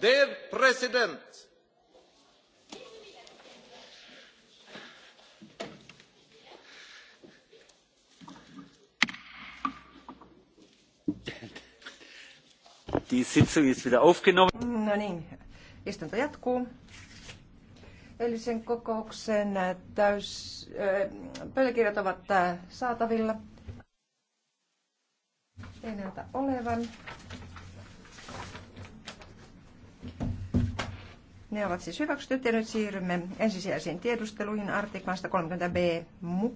Dear President, Die Sitzung ist wieder aufgenommen. No niin, istunto jatkuu. Eilisen kokouksen äh, täys, äh, pöytäkirjat ovat äh, saatavilla. Ei näytä olevan. Ne ovat siis hyväksytyt ja nyt siirrymme ensisijaisiin tiedusteluihin artiklasta 30b mukaan.